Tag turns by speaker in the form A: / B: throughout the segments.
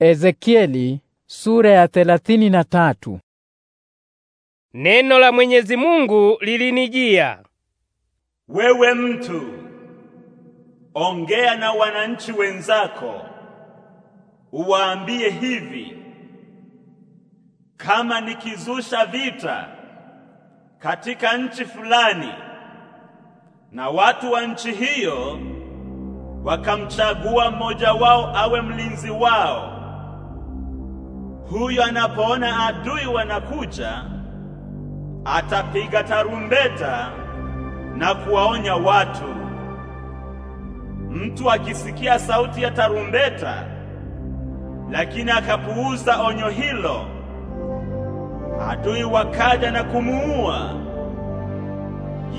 A: Ezekieli sura ya thelathini na tatu. Neno la Mwenyezi Mungu lilinijia. Wewe mtu, ongea na wananchi wenzako, uwaambie hivi: kama nikizusha vita katika nchi fulani na watu wa nchi hiyo wakamchagua mmoja wao awe mlinzi wao huyo anapoona adui wanakuja, atapiga tarumbeta na kuwaonya watu. Mtu akisikia sauti ya tarumbeta lakini akapuuza onyo hilo, adui wakaja na kumuua,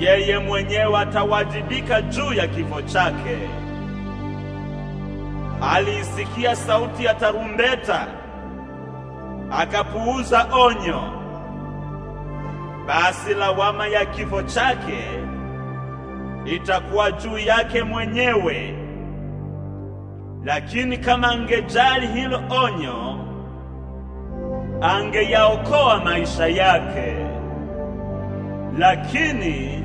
A: yeye mwenyewe atawajibika juu ya kifo chake. Aliisikia sauti ya tarumbeta akapuuza onyo, basi lawama ya kifo chake itakuwa juu yake mwenyewe. Lakini kama angejali hilo onyo, angeyaokoa maisha yake. Lakini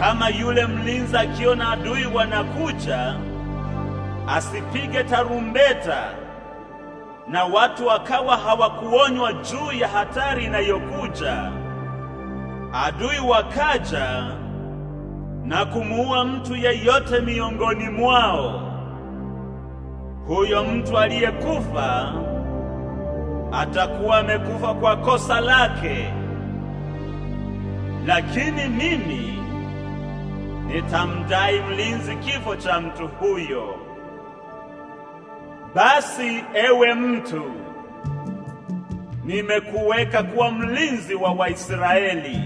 A: kama yule mlinzi akiona adui wanakuja, asipige tarumbeta na watu wakawa hawakuonywa juu ya hatari inayokuja. Adui wakaja na kumuua mtu yeyote miongoni mwao. Huyo mtu aliyekufa atakuwa amekufa kwa kosa lake, lakini mimi nitamdai mlinzi kifo cha mtu huyo. Basi ewe mtu, nimekuweka kuwa mlinzi wa Waisraeli.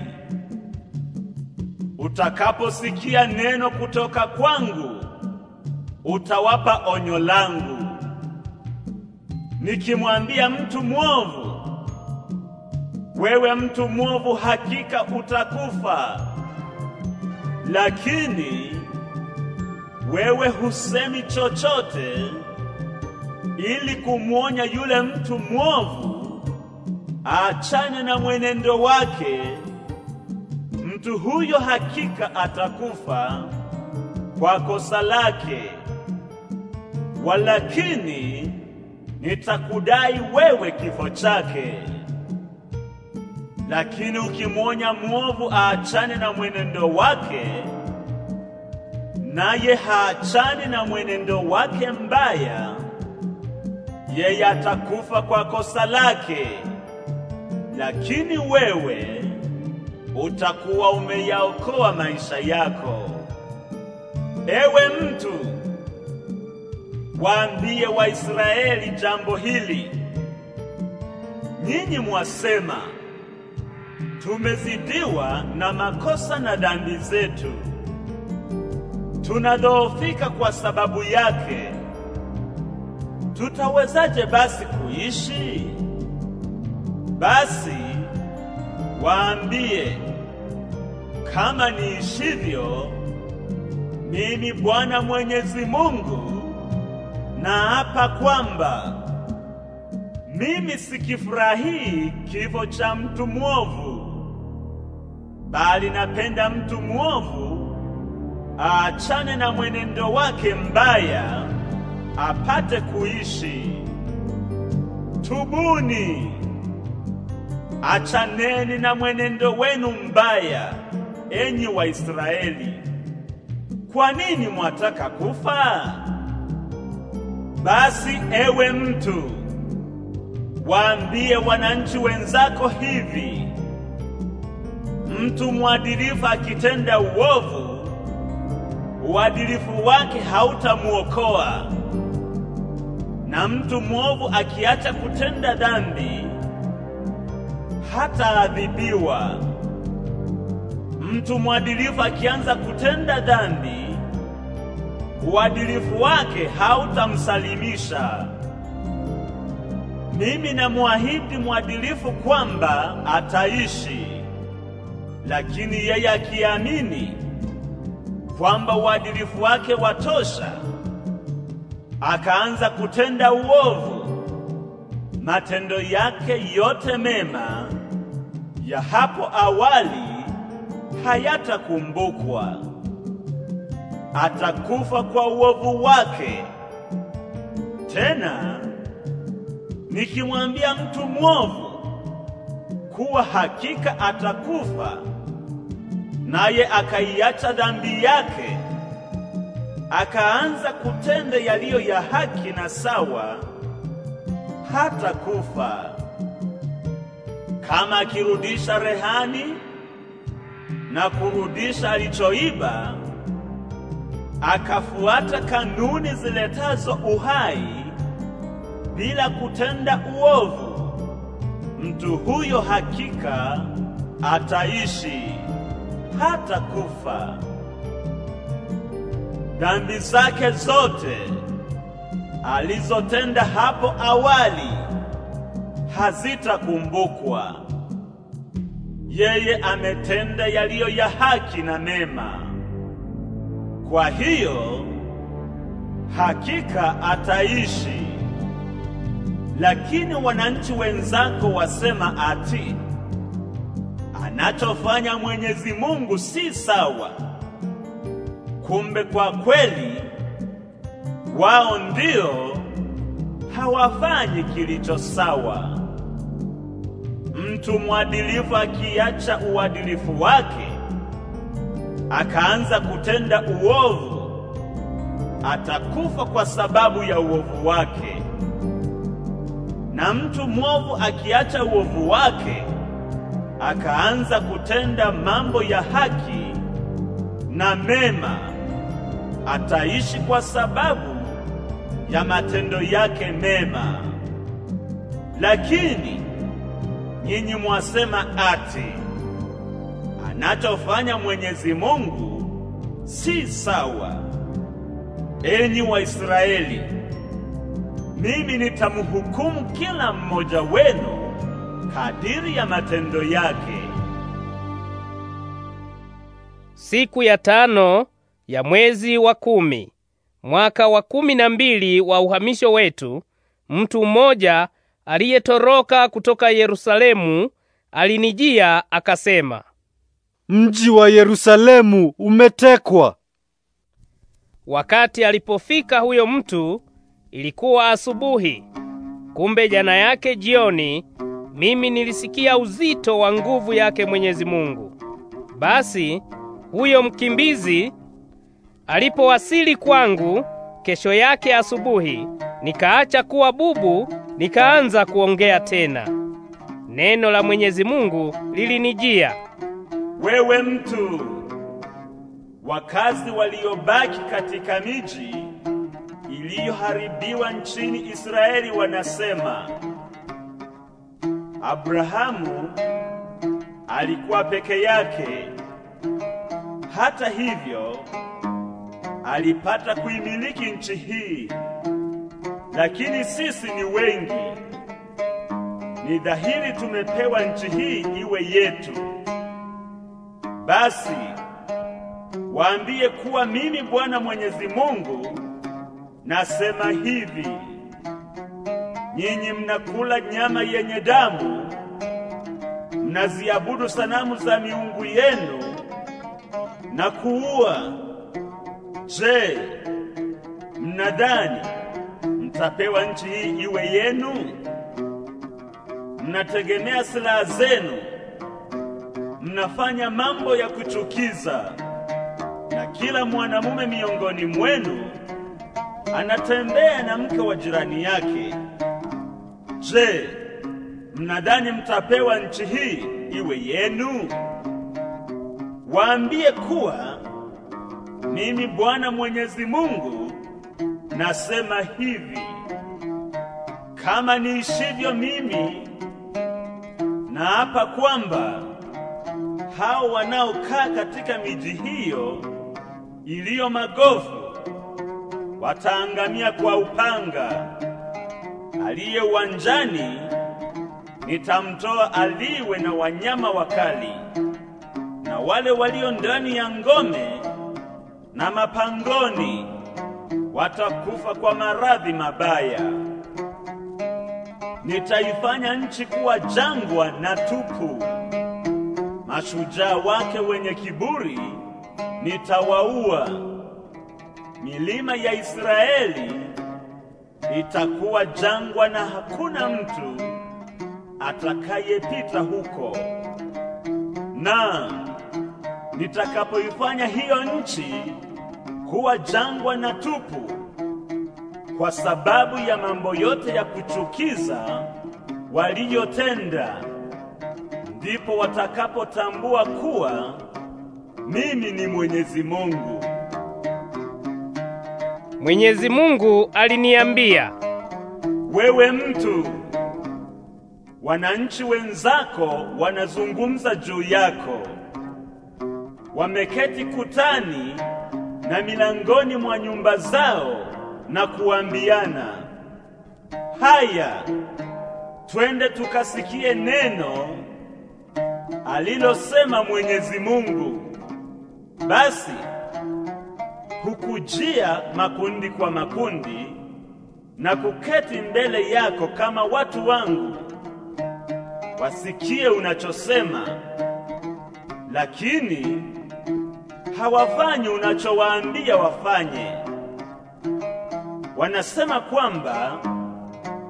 A: Utakaposikia neno kutoka kwangu, utawapa onyo langu. Nikimwambia mtu mwovu, wewe mtu mwovu, hakika utakufa, lakini wewe husemi chochote ili kumwonya yule mtu mwovu aachane na mwenendo wake. Mtu huyo hakika atakufa kwa kosa lake, walakini nitakudai wewe kifo chake. Lakini ukimwonya mwovu aachane na mwenendo wake, naye haachane na mwenendo wake mbaya yeye atakufa kwa kosa lake, lakini wewe utakuwa umeyaokoa maisha yako. Ewe mtu, waambie Waisraeli jambo hili. Nyinyi mwasema, tumezidiwa na makosa na dhambi zetu, tunadhoofika kwa sababu yake tutawezaje basi kuishi? Basi waambie, kama niishivyo mimi Bwana Mwenyezi Mungu naapa kwamba mimi sikifurahii kifo cha mtu mwovu, bali napenda mtu mwovu aachane na mwenendo wake mbaya apate kuishi. Tubuni, achaneni na mwenendo wenu mbaya, enyi Waisraeli. Kwa nini mwataka kufa? Basi ewe mtu, waambie wananchi wenzako hivi: mtu mwadilifu akitenda uovu, uadilifu wake hautamuokoa. Na mtu mwovu akiacha kutenda dhambi hataadhibiwa. Mtu mwadilifu akianza kutenda dhambi uadilifu wake hautamsalimisha. Mimi namuahidi mwadilifu kwamba ataishi, lakini yeye akiamini kwamba uadilifu wake watosha akaanza kutenda uovu, matendo yake yote mema ya hapo awali hayatakumbukwa. Atakufa kwa uovu wake. Tena nikimwambia mtu mwovu kuwa hakika atakufa, naye akaiacha dhambi yake akaanza kutenda yaliyo ya haki na sawa, hata kufa. Kama akirudisha rehani na kurudisha alichoiba, akafuata kanuni ziletazo uhai bila kutenda uovu, mtu huyo hakika ataishi hata kufa dhambi zake zote alizotenda hapo awali hazitakumbukwa. Yeye ametenda yaliyo ya haki na mema, kwa hiyo hakika ataishi. Lakini wananchi wenzako wasema ati anachofanya Mwenyezi Mungu si sawa. Kumbe kwa kweli wao ndio hawafanyi kilicho sawa. Mtu mwadilifu akiacha uadilifu wake akaanza kutenda uovu, atakufa kwa sababu ya uovu wake. Na mtu mwovu akiacha uovu wake akaanza kutenda mambo ya haki na mema ataishi kwa sababu ya matendo yake mema. Lakini nyinyi mwasema ati anachofanya Mwenyezi Mungu si sawa. Enyi Waisraeli, mimi nitamhukumu kila mmoja wenu kadiri ya matendo yake. Siku ya tano ya mwezi wa kumi, mwaka wa kumi na mbili wa uhamisho wetu, mtu mmoja aliyetoroka kutoka Yerusalemu alinijia akasema, mji wa Yerusalemu umetekwa. Wakati alipofika huyo mtu ilikuwa asubuhi. Kumbe jana yake jioni mimi nilisikia uzito wa nguvu yake Mwenyezi Mungu. Basi huyo mkimbizi Alipowasili kwangu kesho yake asubuhi, nikaacha kuwa bubu, nikaanza kuongea tena. Neno la Mwenyezi Mungu lilinijia, wewe mtu, wakazi waliobaki katika miji iliyoharibiwa nchini Israeli wanasema Abrahamu alikuwa peke yake. Hata hivyo alipata kuimiliki nchi hii, lakini sisi ni wengi. Ni dhahiri tumepewa nchi hii iwe yetu. Basi waambie kuwa mimi Bwana Mwenyezi Mungu nasema hivi: nyinyi mnakula nyama yenye damu, mnaziabudu sanamu za miungu yenu na kuua Je, mnadhani mtapewa nchi hii iwe yenu? Mnategemea silaha zenu, mnafanya mambo ya kuchukiza, na kila mwanamume miongoni mwenu anatembea na mke wa jirani yake. Je, mnadhani mtapewa nchi hii iwe yenu? Waambie kuwa mimi Bwana Mwenyezi Mungu nasema hivi, kama niishivyo mimi, naapa kwamba hao wanaokaa katika miji hiyo iliyo magofu wataangamia kwa upanga. Aliye uwanjani nitamtoa aliwe na wanyama wakali, na wale walio ndani ya ngome na mapangoni watakufa kwa maradhi mabaya. Nitaifanya nchi kuwa jangwa na tupu, mashujaa wake wenye kiburi nitawaua. Milima ya Israeli itakuwa jangwa na hakuna mtu atakayepita huko. Na nitakapoifanya hiyo nchi kuwa jangwa na tupu kwa sababu ya mambo yote ya kuchukiza waliyotenda. Ndipo watakapotambua kuwa mimi ni Mwenyezi Mungu. Mwenyezi Mungu aliniambia, wewe mtu, wananchi wenzako wanazungumza juu yako, wameketi kutani na milangoni mwa nyumba zao na kuambiana, haya, twende tukasikie neno alilosema Mwenyezi Mungu. Basi hukujia makundi kwa makundi na kuketi mbele yako kama watu wangu, wasikie unachosema, lakini hawafanyi unachowaambia wafanye. Wanasema kwamba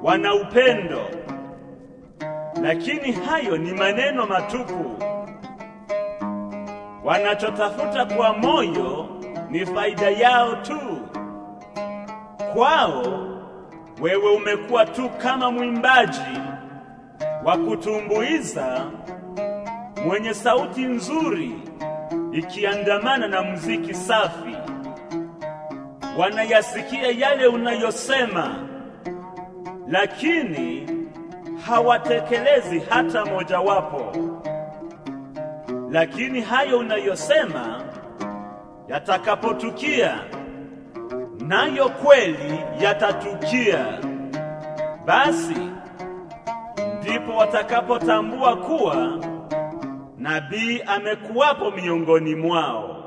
A: wana upendo, lakini hayo ni maneno matupu. Wanachotafuta kwa moyo ni faida yao tu. Kwao wewe umekuwa tu kama mwimbaji wa kutumbuiza mwenye sauti nzuri ikiandamana na muziki safi, wanayasikia yale unayosema, lakini hawatekelezi hata mojawapo. Lakini hayo unayosema yatakapotukia, nayo kweli yatatukia, basi ndipo watakapotambua kuwa nabii amekuwapo miongoni mwao.